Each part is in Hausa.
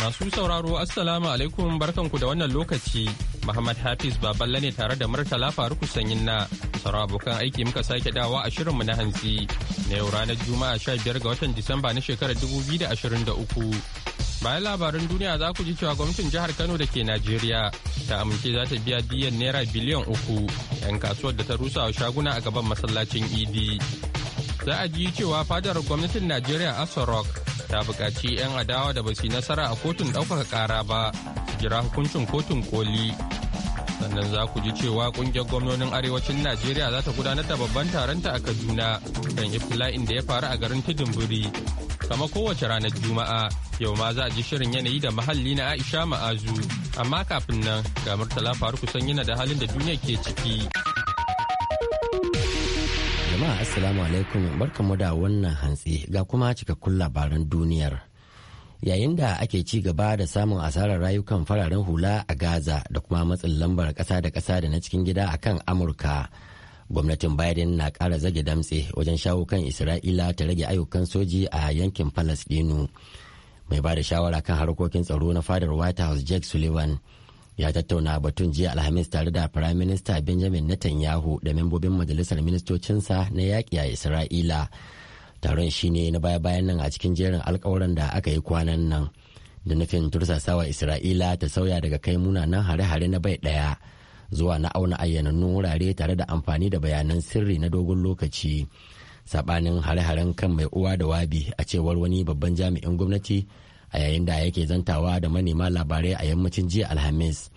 Masu sauraro Assalamu alaikum barkanku da wannan lokaci. Muhammad Hafiz Baballe ne tare da Murtala Faruku Sanyin na sauraro abokan aiki muka sake dawa a shirin mu na hantsi na yau ranar Juma'a 15 ga watan Disamba na shekarar 2023. Bayan labarin duniya za ku ji cewa gwamnatin jihar Kano da ke Najeriya ta amince za ta biya diyan naira biliyan uku 'yan kasuwar da ta rusa wa shaguna a gaban masallacin Idi. za a ji cewa fadar gwamnatin najeriya Rock ta buƙaci 'yan adawa da basu nasara a kotun ɗaukaka ƙara ba su jira hukuncin kotun koli sannan za ku ji cewa ƙungiyar gwamnonin arewacin najeriya za ta gudanar da babban taronta a kaduna kan iftila'in da ya faru a garin tudunburi kama kowace ranar juma'a yau ma za a ji shirin yanayi da muhalli na aisha ma'azu amma kafin nan ga murtala faru kusan yana da halin da duniya ke ciki. jama'a assalamu alaikum barkamu da wannan hantsi ga kuma cikakkun labaran duniyar yayin da ake ci gaba da samun asarar rayukan fararen hula a gaza da kuma matsin lambar kasa da kasa da na cikin gida a kan amurka gwamnatin biden na kara zage damtse wajen shawo kan isra'ila ta rage ayyukan soji a yankin falasɗinu mai ba da shawara kan harkokin tsaro na fadar white house jake sullivan ya tattauna batun jiya alhamis tare da firayim minista benjamin netanyahu da membobin majalisar ministocinsa na yaƙi a isra'ila taron shi ne na baya-bayan nan a cikin jerin alkawuran da aka yi kwanan nan da nufin tursasawa isra'ila ta sauya daga kai munanan hare-hare na bai daya zuwa na auna ayyanannun wurare tare da amfani da bayanan sirri na dogon lokaci saɓanin hare-haren kan mai uwa da wabi a cewar wani babban jami'in gwamnati a yayin da yake zantawa da manema labarai a yammacin jiya alhamis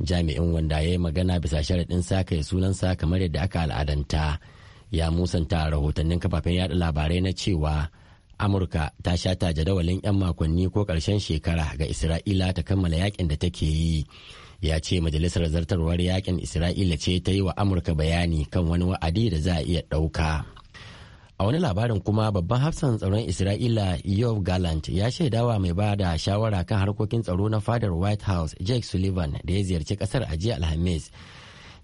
jami'in wanda ya yi magana bisa sharaɗin sa kai sunansa kamar yadda aka al'adanta ya musanta rahotannin kafafen yada labarai na cewa amurka ta shata jadawalin 'yan makonni ko ƙarshen shekara ga isra'ila ta kammala yakin da take yi ya ce majalisar zartarwar yakin isra'ila ce ta yi wa amurka bayani kan wani wa'adi da za a iya ɗauka a wani labarin kuma babban hafsan tsaron isra'ila yov gallant ya shaidawa mai ba da shawara kan harkokin tsaro na fadar white house jake sullivan da ya ziyarci kasar a jiya alhamis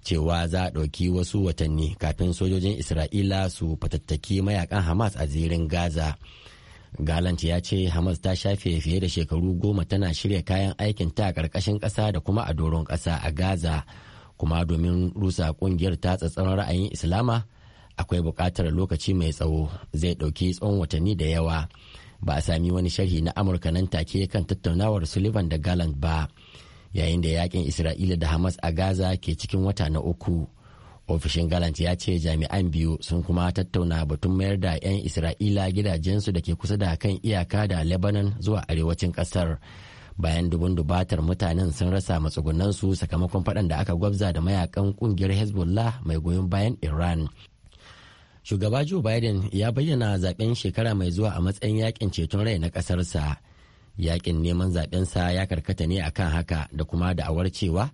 cewa za a ɗauki wasu watanni kafin sojojin isra'ila su fatattaki mayakan hamas a zirin gaza galant ya ce hamas ta shafe fiye da shekaru goma tana shirya kayan aikin ta a ƙarƙashin ƙasa da kuma a doron ƙasa a gaza kuma domin rusa ƙungiyar ta tsatsauran ra'ayin islama akwai buƙatar lokaci mai tsawo zai ɗauki tsawon watanni da yawa ba a sami wani sharhi na amurka nan take kan tattaunawar sullivan da gallant ba yayin da yakin isra'ila da hamas a gaza ke cikin wata na uku ofishin gallant ya ce jami'an biyu sun kuma tattauna batun mayar da 'yan isra'ila gidajensu da ke kusa da kan iyaka da lebanon zuwa arewacin kasar bayan dubun dubatar mutanen sun rasa matsugunansu sakamakon faɗan da aka gwabza da mayakan kungiyar hezbollah mai goyon bayan iran shugaba joe biden ya bayyana zaben shekara mai zuwa a matsayin yakin ceton rai na ƙasarsa yakin neman zabensa ya karkata ne akan haka da kuma da'awar cewa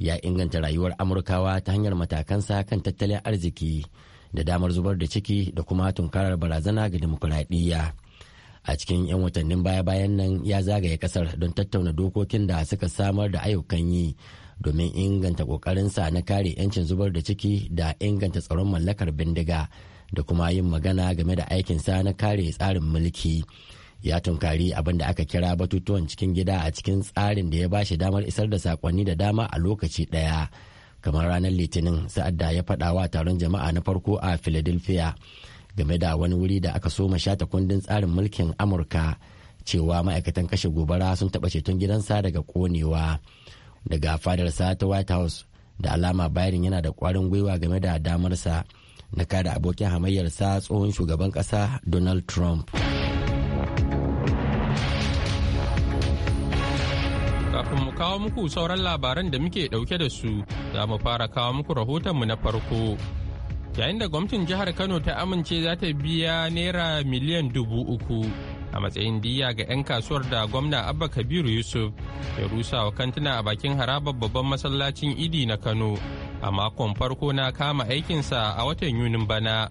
ya inganta rayuwar amurkawa ta hanyar matakansa kan tattalin arziki da damar zubar da ciki da kuma tunkarar barazana ga dimokuraɗiyya a cikin 'yan watannin baya-bayan nan ya zagaye kasar don tattauna dokokin da suka samar da ayyukan yi domin inganta kokarinsa na kare 'yancin zubar da ciki da inganta tsaron mallakar bindiga da kuma yin magana game da aikinsa na kare tsarin mulki ya tunkari abin da aka kira batutuwan cikin gida a cikin tsarin da ya ba shi damar isar da sakonni da dama a lokaci ɗaya kamar ranar litinin sa'adda ya faɗa wa taron jama'a na farko a philadelphia game da wani wuri da aka soma shata kundin tsarin mulkin amurka cewa ma'aikatan kashe gobara sun taɓa ceton gidansa daga konewa daga fadarsa ta white house da alama bayan yana da kwarin gwiwa game da damarsa na kada abokin hamayyarsa tsohon shugaban ƙasa donald trump kafin mu kawo muku sauran labaran da muke ɗauke da su za mu fara kawo muku rahotonmu na farko yayin da gwamnatin jihar kano ta amince za ta biya naira miliyan dubu uku a matsayin diya ga 'yan kasuwar da gwamna abba kabiru yusuf ya rusa wa kantuna a bakin harabar babban masallacin idi na kano a makon farko na kama aikinsa a watan yunin bana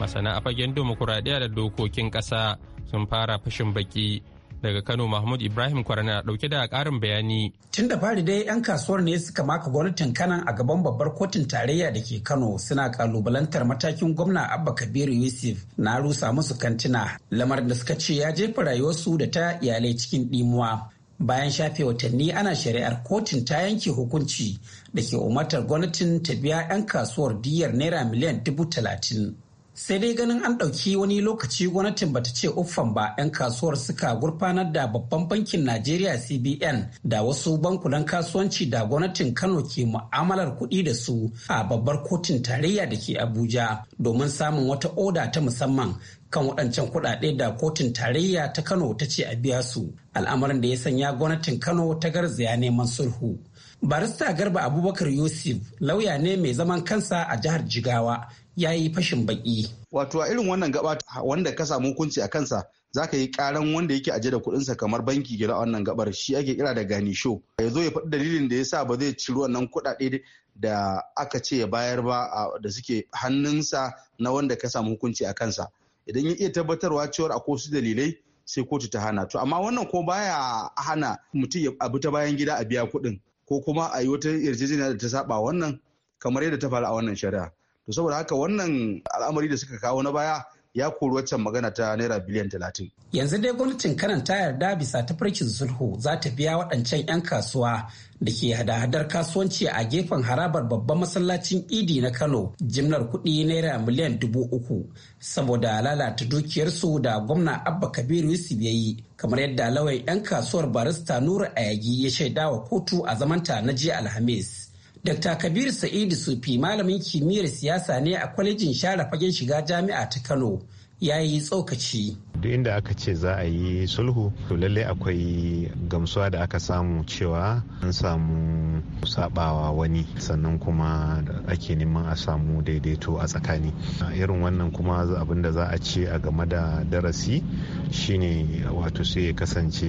masana a fagen demokuraɗiyya da dokokin ƙasa sun fara fashin baki daga kano mahmud ibrahim kwarana dauke da karin bayani tun da fari dai yan kasuwar ne suka maka gwamnatin kanan a gaban babbar kotun tarayya da ke kano suna kalubalantar matakin gwamna abba kabir yusuf na rusa musu kantina lamar da suka ce ya jefa rayuwarsu da ta iyalai cikin dimuwa bayan shafe watanni ana shari'ar kotun ta yanke hukunci da ke umartar gwamnatin ta biya 'yan kasuwar diyar naira miliyan dubu talatin. sai dai ganin an ɗauki wani lokaci gwamnatin bata ce uffan ba 'yan kasuwar suka gurfanar da babban bankin najeriya cbn da wasu bankunan kasuwanci da gwamnatin kano ke mu'amalar kuɗi da su a babbar kotun tarayya da ke abuja domin samun wata oda ta musamman kan waɗancan kuɗaɗe da kotun tarayya ta kano ta ce a biya su al'amarin da ya sanya gwamnatin kano ta garzaya neman sulhu barista garba abubakar yusuf lauya ne mai zaman kansa a jihar jigawa ya yi fashin baki wato a irin wannan gaba wanda ka samu hukunci a kansa za ka yi karan wanda yake aje da kuɗinsa kamar banki gida wannan gabar shi ake kira da gani sho ya zo ya faɗi dalilin da ya sa ba zai ciro wannan kuɗaɗe da aka ce ya bayar ba da suke hannunsa na wanda ka samu hukunci a kansa idan ya iya tabbatarwa cewa akwai su dalilai sai kotu ta hana to amma wannan ko baya hana mutum ya abu ta bayan gida a biya kuɗin ko kuma a yi wata yarjejeniya da ta saba wannan kamar yadda ta faru a wannan shari'a to saboda haka wannan al'amari da suka kawo na baya ya kori waccan magana ta naira biliyan talatin. yanzu dai gwamnatin kanan ta yarda bisa ta farkin sulhu za ta biya waɗancan 'yan kasuwa da ke hada-hadar kasuwanci a gefen harabar babban masallacin idi na kano jimlar kuɗi naira miliyan dubu uku saboda lalata dukiyarsu da gwamna abba kabiru yusuf ya yi kamar yadda lawan 'yan kasuwar barista nura ayagi ya shaidawa kotu a zamanta na jiya alhamis Dr. Kabir Sa'idu Sufi malamin kimiyyar siyasa ne a kwalejin share fagen shiga jami'a ta Kano. ya yi tsokaci. duk inda aka ce za a yi sulhu to lallai akwai gamsuwa da aka samu cewa an samu sabawa wani sannan kuma ake neman a samu daidaito a tsakani irin wannan kuma abin da za a ce a game da darasi shine wato sai ya kasance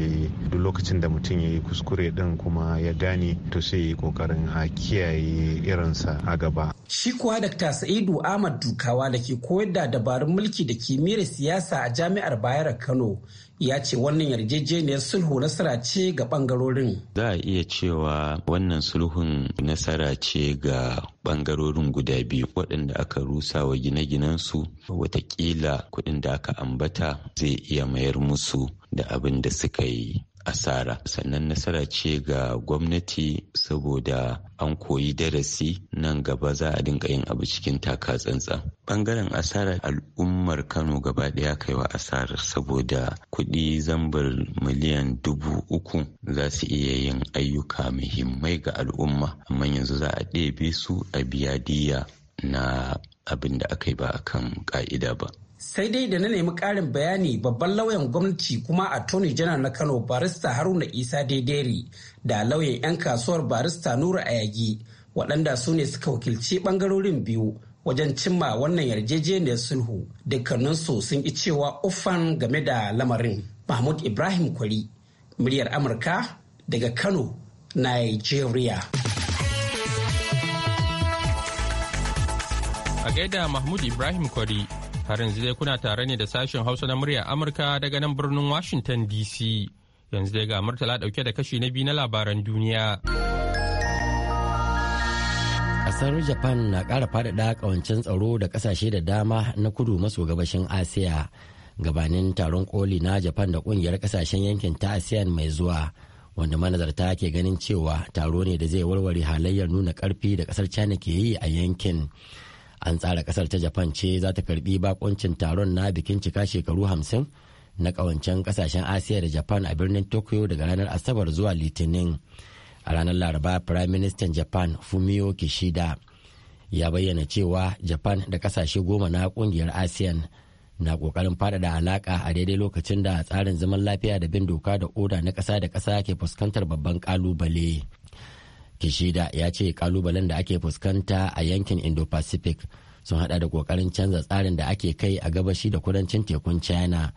duk lokacin da mutum ya yi kuskure din kuma ya gane to sai ya yi kokarin a kiyaye irinsa a gaba shi kuwa Dr. sa'idu ahmad dukawa da ke koyar da dabarun mulki da kimiyya kimiyyar siyasa a jami'ar bayar kano ya ce wannan yarjejeniyar sulhu nasara ce ga bangarorin za a iya cewa wannan sulhun nasara ce ga bangarorin guda biyu waɗanda aka rusa wa gine-ginensu watakila kuɗin da aka ambata zai iya mayar musu da abin da suka yi asara sannan nasara ce ga gwamnati saboda an koyi darasi nan gaba za a dinga yin abu cikin taka tsantsan bangaren asarar al'ummar kano gaba daya kaiwa asara saboda kuɗi zambar miliyan dubu uku za su iya yin ayyuka muhimmai ga al'umma amma yanzu za a ɗebe su a biya diya na abin da aka yi ba akan ka'ida ba sai dai da na nemi ƙarin bayani babban lauyan gwamnati kuma a attorney jana na kano barista haruna isa daidairi da lauyan 'yan kasuwar barista nura ayagi waɗanda su ne suka wakilci ɓangarorin biyu wajen cimma wannan yarjejeniyar sulhu dukkaninsu sun ƙi cewa uffan game da lamarin mahmud ibrahim kwari muryar amurka daga kano nigeria a gaida mahmud ibrahim kwari Har yanzu dai kuna tare ne da sashen Hausa na murya Amurka daga nan birnin Washington DC. Yanzu dai ga Murtala ɗauke da kashi na biyu na labaran duniya. ƙasar Japan na ƙara faɗaɗa ƙawancen tsaro da ƙasashe da dama na kudu maso gabashin Asiya. Gabanin taron koli na Japan da ƙungiyar ƙasashen yankin ta ASEAN mai zuwa. wanda manazarta ke ganin cewa taro ne da zai warware halayyar nuna karfi da ƙasar china ke yi a yankin an tsara kasar ta japan ce za ta karbi bakoncin taron na bikin cika shekaru hamsin na kawancen kasashen asiya da japan a birnin tokyo daga ranar asabar zuwa litinin a ranar laraba prime minister japan fumio kishida ya bayyana cewa japan da kasashe goma na kungiyar asiyan na kokarin faɗaɗa alaƙa a daidai lokacin da tsarin zaman lafiya da bin doka da oda na ƙasa da ƙasa ke fuskantar babban ƙalubale. kishida ya ce kalubalen da ake fuskanta a yankin indo-pacific sun hada da kokarin canza tsarin da ake kai a gabashi da kudancin tekun china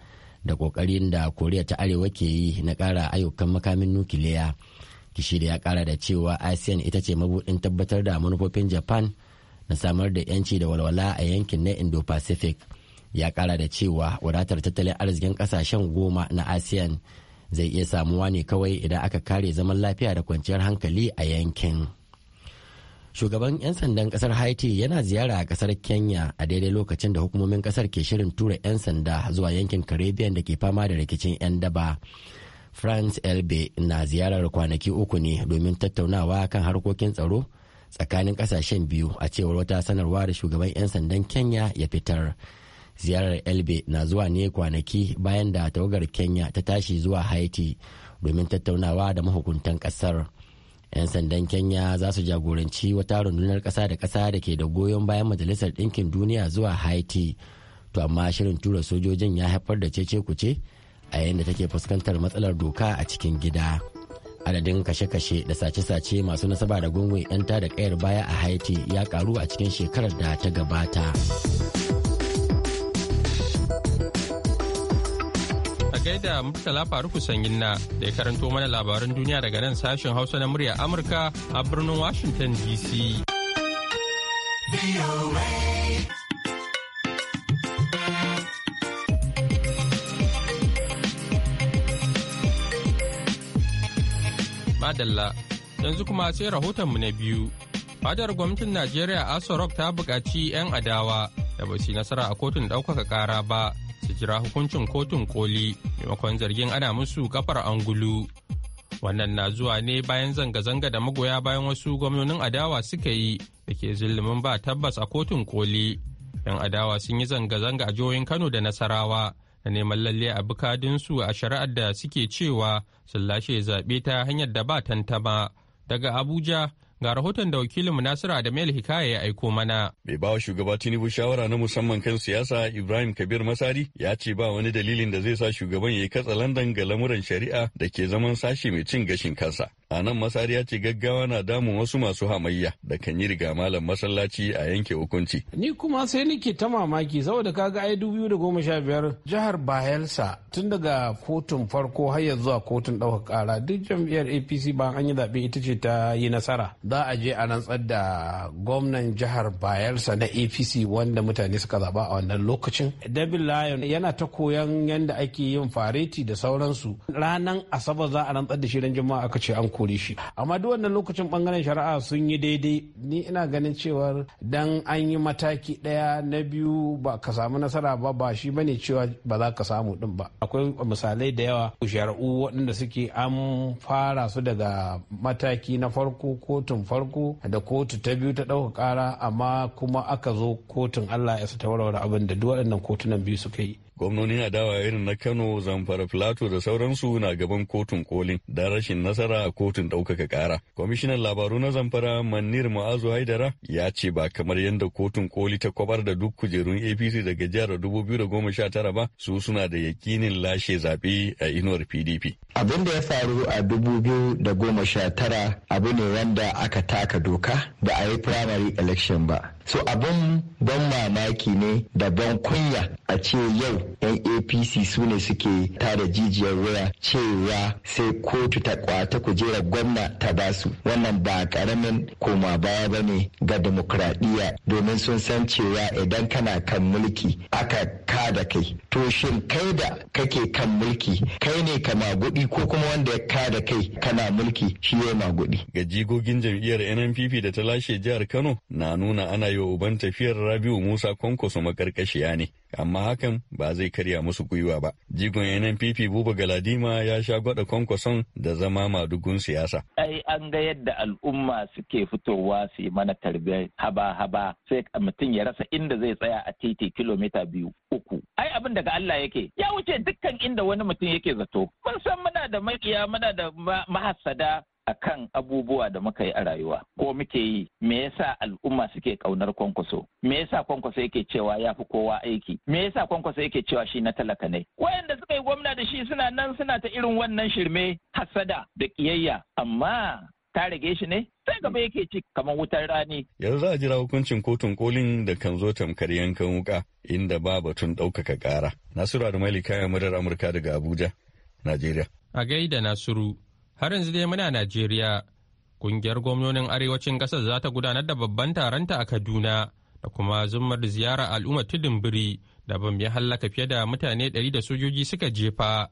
da kokarin da koriya ta arewa ke yi na kara ayyukan makamin nukiliya kishida ya kara da cewa asean ita ce mabudin tabbatar da manufofin japan na samar da yanci da walwala a yankin na indo-pacific ya kara da cewa wadatar tattalin arzikin kasashen goma na asean zai iya samuwa ne kawai idan aka kare zaman lafiya da kwanciyar hankali a yankin shugaban 'yan sandan kasar haiti yana ziyara a kasar kenya a daidai lokacin da hukumomin kasar ke shirin tura 'yan sanda zuwa yankin caribbean da ke fama da rikicin 'yan daba france elbe na ziyarar kwanaki uku ne domin tattaunawa kan harkokin tsaro tsakanin kasashen biyu a cewar wata sanarwa da shugaban 'yan sandan kenya ya fitar ziyarar elbe na zuwa ne kwanaki bayan da tawagar kenya ta tashi zuwa haiti domin tattaunawa da mahukuntan kasar 'yan sandan kenya za su jagoranci wata rundunar kasa da kasa da ke da goyon bayan majalisar ɗinkin duniya zuwa haiti to amma shirin tura sojojin ya haifar da cece kuce a yayin da take fuskantar matsalar doka a cikin gida adadin kashe-kashe da sace-sace masu nasaba da gungun 'yan da kayar baya a haiti ya karu a cikin shekarar da ta gabata. gaida Murtala Faruku Sanyin da ya karanto mana labaran duniya daga nan sashen Hausa na murya Amurka a birnin Washington DC. Madalla, yanzu kuma sai rahotonmu na biyu. Fadar gwamnatin Najeriya Asorok ta buƙaci 'yan adawa da ba su nasara a kotun ɗaukaka ƙara ba su jira hukuncin kotun koli maimakon zargin ana musu kafar angulu wannan na zuwa ne bayan zanga-zanga da magoya bayan wasu gwamnonin adawa suka yi da ke zulumin ba tabbas a kotun koli yan adawa sun yi zanga-zanga a jihohin kano da nasarawa da neman lalle a bukadinsu a shari'ar da suke cewa sun lashe zaɓe ta hanyar da ba tantama daga abuja Ga rahoton da wakilinmu Nasiru Adamu Hikaya ya aiko mana. Mai bawa shugaba Tinubu shawara na musamman kan siyasa Ibrahim Kabir Masari ya ce ba wani dalilin da zai sa shugaban ya yi katsa Landan ga lamuran shari'a da ke zaman sashe mai cin gashin kansa. A nan masariya ce gaggawa na damun wasu masu hamayya da kan yi riga malam masallaci a yanke hukunci. Ni kuma sai nake ta mamaki saboda kaga ai dubu da goma sha biyar jihar Bayelsa tun daga kotun farko har ya zuwa kotun ɗaukar ƙara duk jam'iyyar APC bayan an yi zaɓe ita ce ta yi nasara. Za a je a rantsar da gwamnan jihar Bayelsa na APC wanda mutane suka zaɓa a wannan lokacin. David Lyon yana ta koyan yadda ake yin fareti da sauransu. ranar Asabar za a rantsar da shi ran jama'a aka ce an kore shi amma duk wannan lokacin bangaren shari'a sun yi daidai ni ina ganin cewar dan an yi mataki daya na biyu ba ka samu nasara ba ba shi bane cewa ba za ka samu din ba akwai misalai da yawa shari'u waɗanda suke an fara su daga mataki na farko kotun farko da kotu ta biyu ta ɗauka kara amma kuma aka zo kotun allah ya su ta warware abin da duk waɗannan kotunan biyu suka yi gwamnoni gwamnonin dawa irin na kano zamfara filato da sauransu na gaban kotun kolin da rashin nasara a kotun ɗaukaka ƙara kwamishinan labaru na zamfara manir ma'azu haidara ya ce ba kamar yadda kotun koli ta kwabar da duk kujerun apc daga jihar tara ba su suna da yakinin lashe zaɓe a inuwar pdp abin da ya faru a tara abu ne wanda aka taka doka da a yi primary election ba so abin ban mamaki ne da ban kunya a ce yau yan apc su ne suke tara jijiyar waya cewa sai kotu ta kwata kujera gwamna ta basu wannan ba karamin koma baya ba ne ga demokradiyya domin sun san cewa idan kana kan mulki aka kada kai to shin kai da kake kan mulki kai ne ka magudi ko kuma wanda ya kada kai kana mulki shi ya magudi ga jigogin jam'iyyar nnpp da ta lashe jihar kano na nuna ana yi uban tafiyar Rabiu Musa Kwankwaso makarkashiya ne, amma hakan ba zai karya musu gwiwa ba. Jigon NNPP Buba Galadima ya sha gwada Kwankwason da zama madugun siyasa. Ai an ga yadda al'umma suke fitowa su yi mana tarbiyyar haba-haba sai mutum ya rasa inda zai tsaya a titi kilomita biyu uku. Ai abin daga Allah yake ya wuce dukkan inda wani mutum yake zato. Mun san muna da maƙiya muna da mahasada akan abubuwa da muka yi a rayuwa ko muke yi me yasa al'umma suke kaunar kwankwaso me yasa kwankwaso yake cewa ya fi kowa aiki me yasa kwankwaso yake cewa shi na talaka ne wayanda suka yi gwamna da shi suna nan suna ta irin wannan shirme hasada da kiyayya amma ta rage shi ne sai gaba yake ci kamar wutar rani. Yanzu za a jira hukuncin kotun kolin da kan zo tamkar yankan wuka inda ba batun ɗaukaka ƙara. Nasiru Adamali kayan murar Amurka daga Abuja, Najeriya. A gaida Nasiru, har yanzu dai muna najeriya kungiyar gwamnonin arewacin ƙasar za ta gudanar da babban taronta a kaduna da kuma zummar ziyara al'ummar tudun biri da ban ya hallaka fiye da mutane 100 da sojoji suka jefa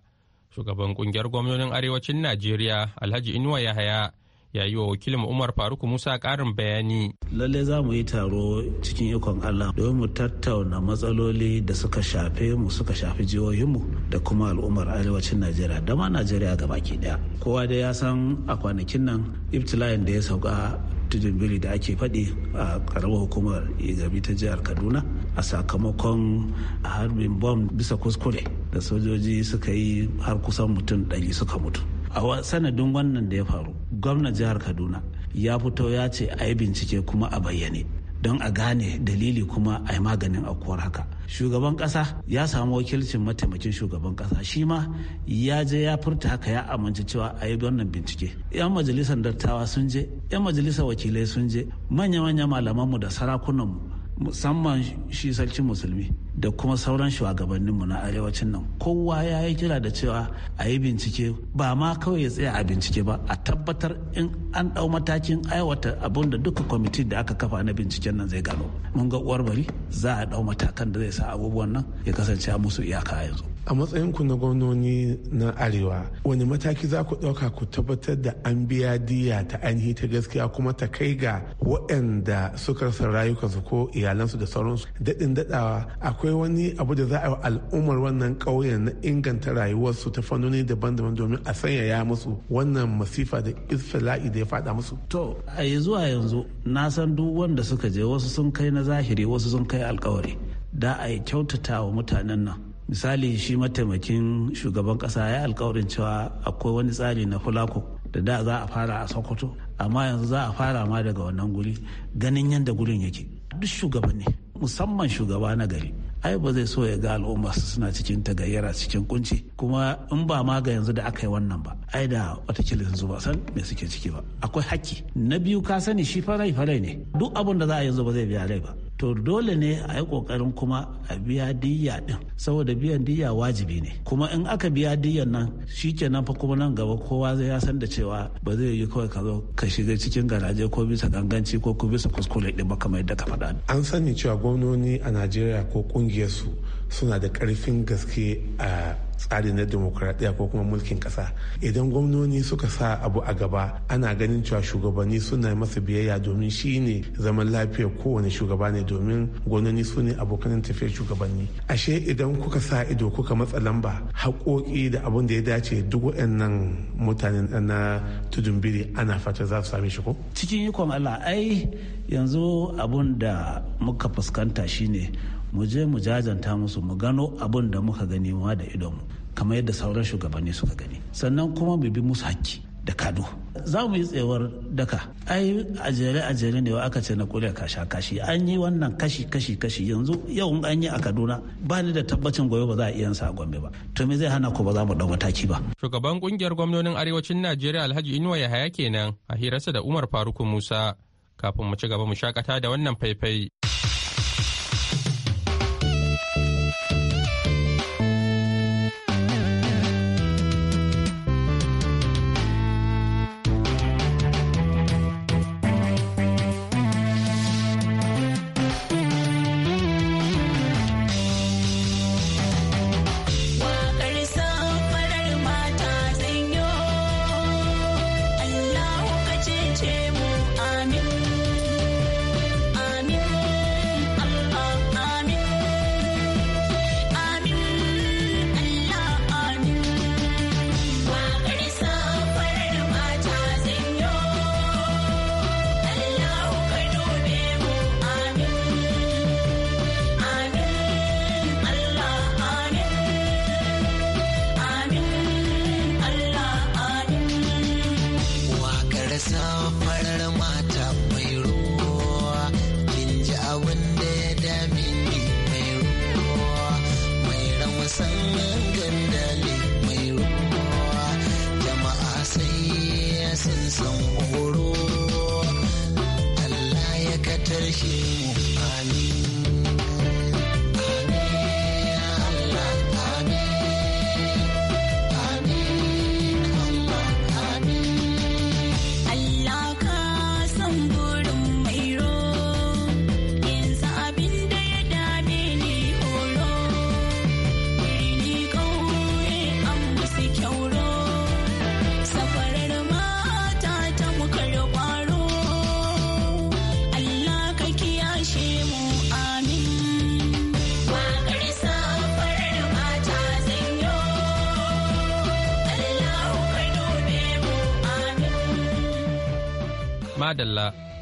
shugaban kungiyar gwamnonin arewacin najeriya alhaji inuwa yahaya ya yi wa wakilin umar faruk musa karin bayani lalle za mu yi taro cikin ikon allah domin mu tattauna matsaloli da suka shafe mu suka shafi jihohinmu da kuma al'ummar arewacin najeriya da ma najeriya ke daya kowa da ya san a kwanakin nan ibtila'in da ya sauka tudun biri da ake faɗi a karamar hukumar igabi ta jihar kaduna a sakamakon harbin bom bisa kuskure da sojoji suka yi har kusan mutum ɗari suka mutu a sanadin wannan da ya faru gwamna jihar kaduna ya fito ya ce a yi bincike kuma a bayyane don a gane dalili kuma a yi maganin aukuwar haka shugaban kasa ya samu wakilcin mataimakin shugaban kasa shi ma ya je ya furta haka ya amince cewa a yi wannan bincike yan majalisar dattawa sun je yan majalisar wakilai sun je manya-manya malamanmu da sarakunanmu musamman shi sarkin musulmi da kuma sauran shugabanninmu na arewacin nan kowa ya yi kira da cewa a yi bincike ba ma kawai ya tsaya a bincike ba a tabbatar in an ɗau matakin aiwata abin da duka kwamiti da aka kafa na binciken nan zai gano mun ga uwar bari za a ɗau matakan da zai sa abubuwan nan ya kasance a musu iyaka yanzu a matsayinku na gwamnoni na arewa wani mataki za ku ɗauka ku tabbatar da an biya diya ta ainihi ta gaskiya kuma ta kai ga waɗanda suka rasa rayukansu ko iyalansu da sauransu daɗin daɗawa akwai wani abu da za a yi al'ummar wannan ƙauyen na inganta rayuwarsu ta fannoni daban-daban domin a sanyaya musu wannan masifa da isfila'i da ya faɗa musu. to a zuwa yanzu na san duk wanda suka je wasu sun kai na zahiri wasu sun kai alkawari da a yi kyautata wa mutanen nan misali shi mataimakin shugaban kasa ya alkawarin cewa akwai wani tsari na fulako da da za a fara a sokoto amma yanzu za a fara ma daga wannan guri ganin yadda gurin yake duk shugabanni musamman shugaba na gari ai ba zai so ya ga al'umma suna cikin tagayyara cikin kunci kuma in ba ma ga yanzu da aka yi wannan ba ai da watakila yanzu ba san me suke ciki ba akwai haƙƙi na biyu ka sani shi farai farai ne duk abin da za a yanzu ba zai biya rai ba to dole ne a yi kokarin kuma a biya diyya din saboda biyan diyya wajibi ne kuma in aka biya diyyan nan shikenan fa kuma nan gaba kowa zai ya san da cewa ba zai yi kawai ka zo ka shiga cikin garaje ko bisa ganganci ko ko bisa kuskure din ba kamar yadda ka faɗa an sani cewa gwamnoni a Najeriya ko kungiyar su suna da karfin gaske a tsari na demokuraɗiyya ko kuma mulkin ƙasa idan gwamnoni suka sa abu a gaba ana ganin cewa shugabanni suna masa biyayya domin shi ne zaman lafiyar kowane shugaba ne domin gwamnoni su ne abokan tafiyar shugabanni ashe idan kuka sa ido kuka matsa lamba haƙoƙi da abin da ya dace duk waɗannan mutane na tudun biri ana fata za su same shi ko cikin ikon Allah ai yanzu abun da muka fuskanta shine mu je mu jajanta musu mu gano abin da muka gani ma da idonmu kamar yadda sauran shugabanni suka gani sannan kuma mu bi musu hakki da kado za mu yi tsewar daka ai ajere ajere ne wa aka ce na kure kasha kashi an yi wannan kashi kashi kashi yanzu yau in an yi a kaduna ba ni da tabbacin gobe ba za a iya sa gombe ba to me zai hana ku ba za mu dau mataki ba shugaban kungiyar gwamnonin arewacin najeriya alhaji inuwa yahaya kenan a hirarsa da umar faruk musa kafin mu ci gaba mu shakata da wannan faifai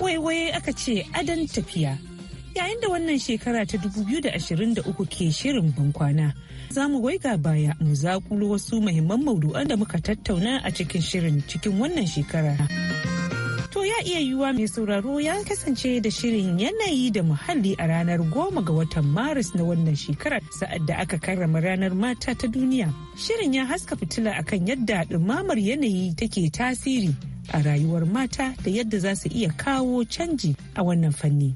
waiwaye aka ce adon tafiya. Yayin da wannan shekara ta 2023 ke shirin bankwana, za mu waiga baya mu zakulo wasu muhimman maudu'an da muka tattauna a cikin shirin cikin wannan shekara. To ya iya yiwuwa mai sauraro ya kasance da shirin yanayi da muhalli a ranar goma ga watan Maris na wannan shekara sa'ad da aka karrama ranar mata ta duniya. Shirin ya haska fitila akan yadda ɗumamar yanayi take tasiri a rayuwar mata da yadda za su iya kawo canji a wannan fanni.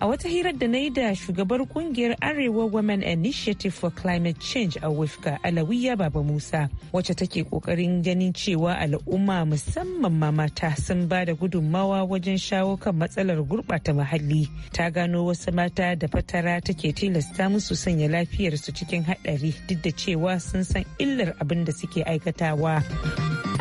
A wata hirar da na yi da shugabar kungiyar Arewa Women Initiative for Climate Change a Wifka Alawiya Baba Musa wacce take kokarin ganin cewa al'umma musamman ma mata sun ba da gudunmawa wajen shawo kan matsalar gurɓata muhalli. Ta gano wasu mata da fatara take tilasta musu sanya lafiyarsu cikin haɗari duk da cewa sun san illar abin da suke aikatawa.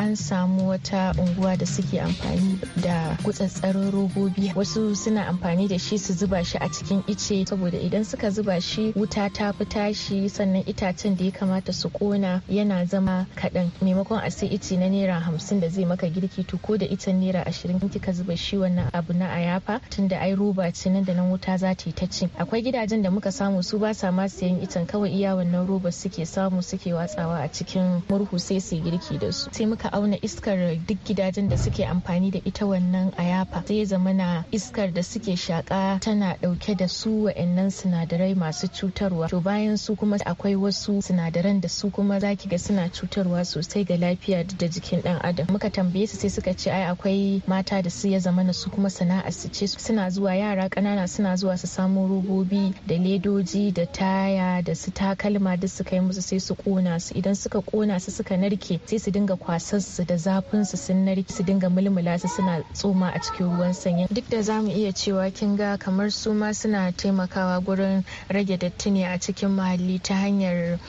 an samu wata unguwa da suke amfani da gutsatsarin robobi wasu suna amfani da shi su zuba shi a cikin ice saboda idan suka zuba shi wuta ta fi tashi sannan itacen da ya kamata su kona yana zama kaɗan maimakon a sai ice na naira hamsin da zai maka girki to ko da itan naira ashirin kika zuba shi wannan abu na ayafa tunda ai roba ce nan da nan wuta za ta yi ta ci akwai gidajen da muka samu su ba sa ma sayan itan kawai iya wannan roba suke samu suke watsawa a cikin murhu sai su girki da su sai muka auna iskar duk gidajen da suke amfani da ita wannan ayafa sai zamana iskar da suke shaka tana dauke da su wa'annan sinadarai masu cutarwa to bayan su kuma akwai wasu sinadaran da su kuma zaki ga suna cutarwa sosai ga lafiya da jikin dan adam muka tambaye su sai suka ce ai akwai mata da su ya zamana su kuma sana'a su ce suna zuwa yara kanana suna zuwa su samo robobi da ledoji da taya da su takalma duk su kai musu sai su kona su idan suka kona su suka narke sai su dinga kwasan su da zafin su sun su dinga mulmula su suna tsoma a cikin ruwan sanyi duk da zamu iya cewa kin ga kamar su ma suna taimakawa gurin rage dattini a cikin muhalli ta hanyar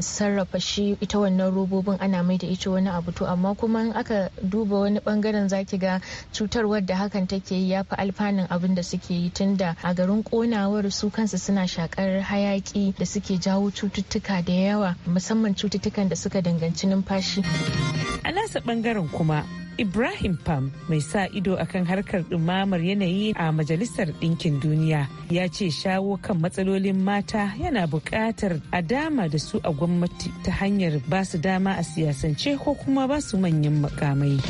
sarrafa shi ita wannan robobin ana mai da ita wani abu to amma kuma aka duba wani bangaren zaki ga cutarwar da hakan take yi ya fi alfanun abin da suke yi tunda a garin konawar su kansu suna shakar hayaki da suke jawo cututtuka da yawa musamman cututtukan da suka danganci numfashi. A nasa bangaren kuma Ibrahim Pam mai sa ido akan harkar dumamar yanayi a Majalisar Ɗinkin Duniya ya ce shawo kan matsalolin mata yana buƙatar a dama da su a gwamnati ta hanyar ba su dama a siyasance ko kuma ba su manyan makamai.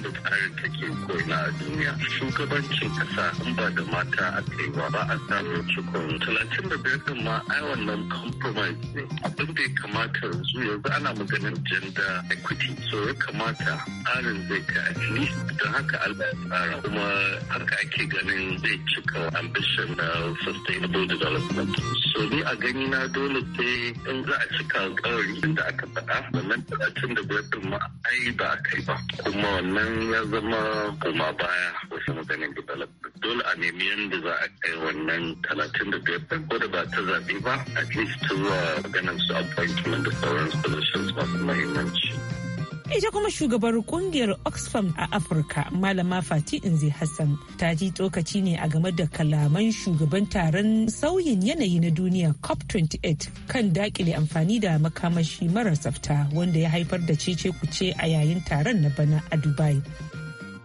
da tsarin take ko'ina a duniya shugabancin kasa in ba da mata a kaiwa ba a samun cikon talatin da biyar din ma ai wannan compromise ne abin da ya kamata yanzu yanzu ana maganin gender equity so ya kamata tsarin zai ka at least don haka allah tsara kuma haka ake ganin zai cika ambition na sustainable development so ni a gani na dole sai in za a cika alkawari da aka faɗa wannan talatin da biyar din ma ai ba a kai ba kuma wannan wannan ya zama koma baya wasu maganin development dole a nemi yadda za a kai wannan talatin da biyar ko da ba ta zaɓe ba a least zuwa maganar su appointment da sauran positions masu mahimmanci ita kuma shugabar kungiyar oxfam a afirka malama fati inzi hassan ta ji tsokaci ne a game da kalaman shugaban taron sauyin yanayi na duniya cop 28 kan dakile amfani da makamashi mara tsafta wanda ya haifar da cece kuce a yayin taron na bana a dubai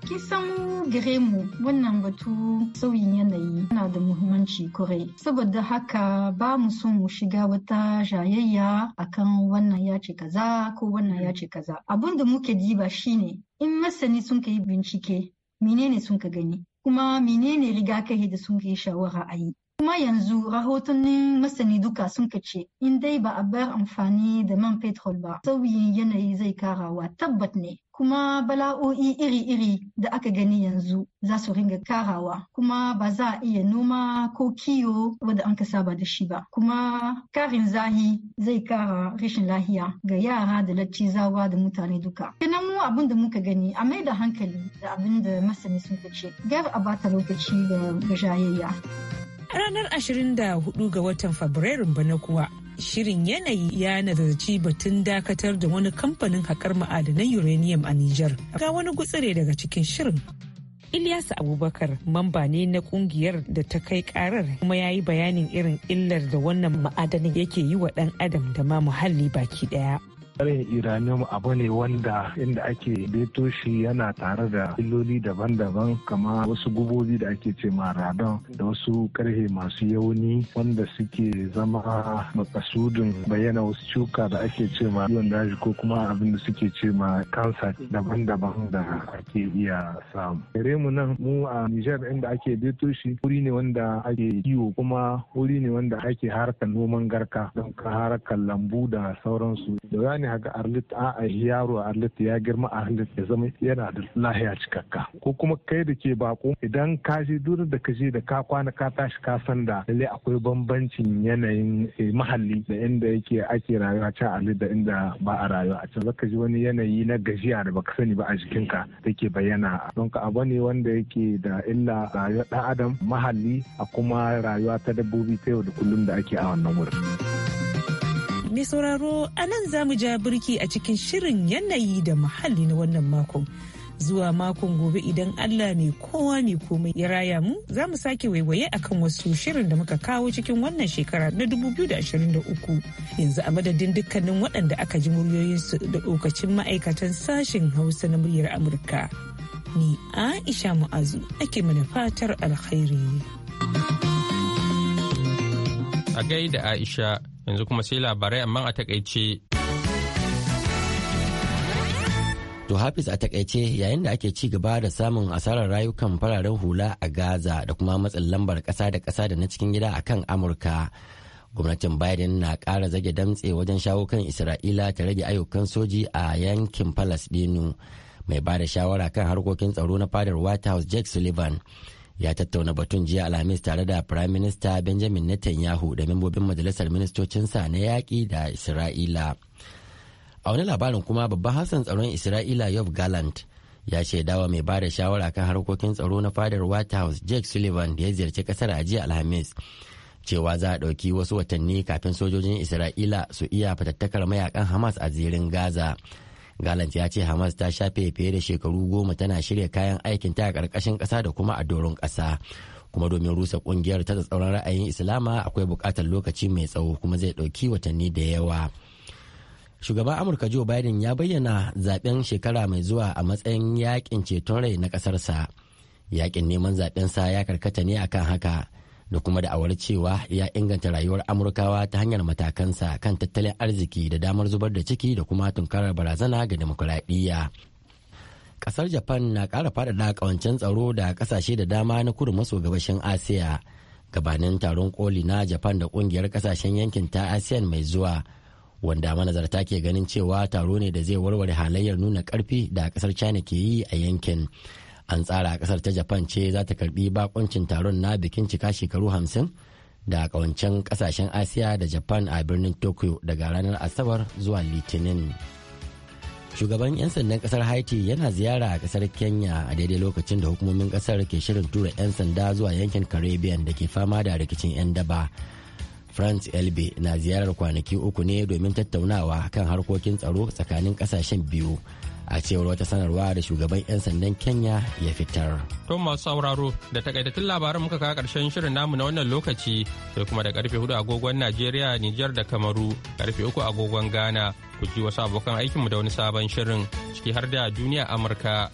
kisan gare mu wannan batu sauyin yanayi yana da muhimmanci kwarai saboda haka ba mu son mu shiga wata jayayya akan wannan ya ce kaza ko wannan ya ce kaza abin da muke diba shine in masani sun ka yi bincike menene sun ka gani kuma menene rigakafi da sun ka yi shawara a yi kuma yanzu rahotannin masani duka sun ka ce in dai ba a bar amfani da man fetur ba sauyin yanayi zai karawa tabbat ne kuma bala'o'i iri-iri da aka gani yanzu za su ringa karawa kuma ba za a iya noma ko kiyo wanda an ka saba da shi ba kuma karin zahi zai kara rashin lahiya ga yara da lattizawa da mutane duka kenan mu abin da muka gani a mai da hankali da abin da masani sun ce gar a bata lokaci da jayayya ranar 24 ga watan fabrairun bana kuwa shirin yanayi ya nazarci batun dakatar da wani kamfanin haƙar ma'adanan uranium a Nijar. Ga wani gutsire daga cikin shirin. Ilyasu Abubakar mamba ne na kungiyar da ta kai karar kuma ya yi bayanin irin illar da wannan ma'adanin yake yi wa ɗan adam da ma muhalli baki ɗaya. Tsarin uranium abu ne wanda inda ake beto shi yana tare da illoli daban-daban kama wasu gubobi da ake ce ma radon da wasu karhe masu yauni wanda suke zama makasudin bayyana wasu cuka da ake ce ma ciwon daji ko kuma abin da suke ce ma kansa daban-daban da ake iya samu. Gare mu nan mu a Nijar inda ake beto shi wuri ne wanda ake kiwo kuma wuri ne wanda ake harkar noman garka don ka harkar lambu da sauransu. Da ne ga arlit a a yaro arlit ya girma arlit ya zama yana da lahiya cikakka ko kuma kai da ke bako idan ka je duk da ka je da ka kwana ka tashi ka san da lalle akwai bambancin yanayin eh, mahalli da inda yake ake rayuwa can arlit da inda ba a rayuwa a can zaka ji wani yanayi na gajiya da baka sani ba a jikin jikinka take bayyana don ka abu ne wanda yake da illa rayuwar dan adam mahalli a kuma rayuwa ta dabbobi ta yau da kullum da ake a wannan wurin. Mai sauraro a nan za mu ja birki a cikin shirin yanayi da muhalli na wannan makon. Zuwa makon gobe idan Allah ne kowa ne komai ya raya mu za mu sake waiwaye akan wasu shirin da muka kawo cikin wannan shekara na 2023. Yanzu a madadin dukkanin waɗanda aka ji muryoyinsu da ɗaukacin ma'aikatan sashen Hausa na muryar Amurka. Ni Aisha Mu'azu ake mana fatar alkhairi. A gaida Aisha. yanzu kuma sai labarai amma a takaice. To Hafiz a takaice yayin da ake ci gaba da samun asarar rayukan fararen hula a Gaza da kuma matsin lambar ƙasa da ƙasa da na cikin gida a kan Amurka. Gwamnatin Biden na ƙara zage damtse wajen shawo kan Isra'ila ta rage ayyukan soji a yankin Falasɗinu. Mai ba da shawara kan harkokin tsaro na fadar White House Jake Sullivan ya tattauna batun jiya alhamis tare da prime minister benjamin netanyahu da membobin majalisar ministocinsa na yaƙi da isra'ila a wani labarin kuma babban hassan tsaron isra'ila yov gallant ya shaidawa mai ba da shawara kan harkokin tsaro na fadar white house jake sullivan da ya ziyarci kasar a jiya alhamis cewa za a ɗauki wasu watanni kafin sojojin isra'ila su iya fatattakar mayakan hamas a zirin gaza Galant ya ce Hamas ta shafe fiye da shekaru goma tana shirya kayan aikin ta a ƙarƙashin ƙasa da kuma a doron ƙasa. Kuma domin rusa ƙungiyar ta tsauran ra'ayin Islama akwai buƙatar lokaci mai tsawo kuma zai ɗauki watanni da yawa. Shugaban Amurka Joe Biden ya bayyana zaben shekara mai zuwa a matsayin yakin ceton rai na ƙasarsa. Yakin neman zaɓensa ya karkata ne akan haka. da kuma da'awar cewa ya inganta rayuwar amurkawa ta hanyar matakansa kan tattalin arziki da damar zubar da ciki da kuma tunkarar barazana ga demokuraɗiyya kasar japan na ƙara faɗaɗa ƙawancen tsaro da ƙasashe da dama na kudu maso gabashin asiya gabanin taron koli na japan da ƙungiyar ƙasashen yankin ta asiyan mai zuwa wanda manazarta ke ganin cewa taro ne da zai warware halayyar nuna ƙarfi da ƙasar china ke yi a yankin an tsara a kasar ta japan ce za ta karbi bakoncin taron na bikin cika shekaru hamsin da kawancen kasashen asiya da japan a birnin tokyo daga ranar asabar zuwa litinin shugaban 'yan sandan kasar haiti yana ziyara a kasar kenya a daidai lokacin da hukumomin kasar ke shirin tura 'yan sanda zuwa yankin caribbean da ke fama da rikicin 'yan daba france elbe na ziyarar kwanaki uku ne domin tattaunawa kan harkokin tsaro tsakanin kasashen biyu a cewar wata sanarwa da shugaban 'yan sandan kenya ya fitar Thomas masu sauraro da takaitattun labaran muka kawo karshen shirin namu na wannan lokaci sai kuma da karfe hudu agogon najeriya nijar da kamaru karfe uku agogon ghana ku ji wasu abokan aikinmu da wani sabon shirin ciki har da duniya amurka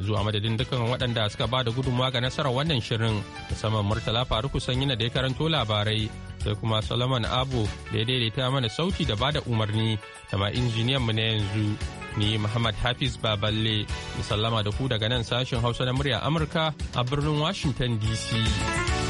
zuwa madadin dukkan waɗanda suka ba da gudunmawa ga nasarar wannan shirin musamman murtala faruku sanyina da ya karanto labarai sai kuma solomon abu da ya daidaita mana sauti da ba da umarni da ma injiniyanmu na yanzu Ni Muhammad Hafiz Baballe, musallama da ku daga nan sashen Hausa na murya Amurka a birnin Washington DC.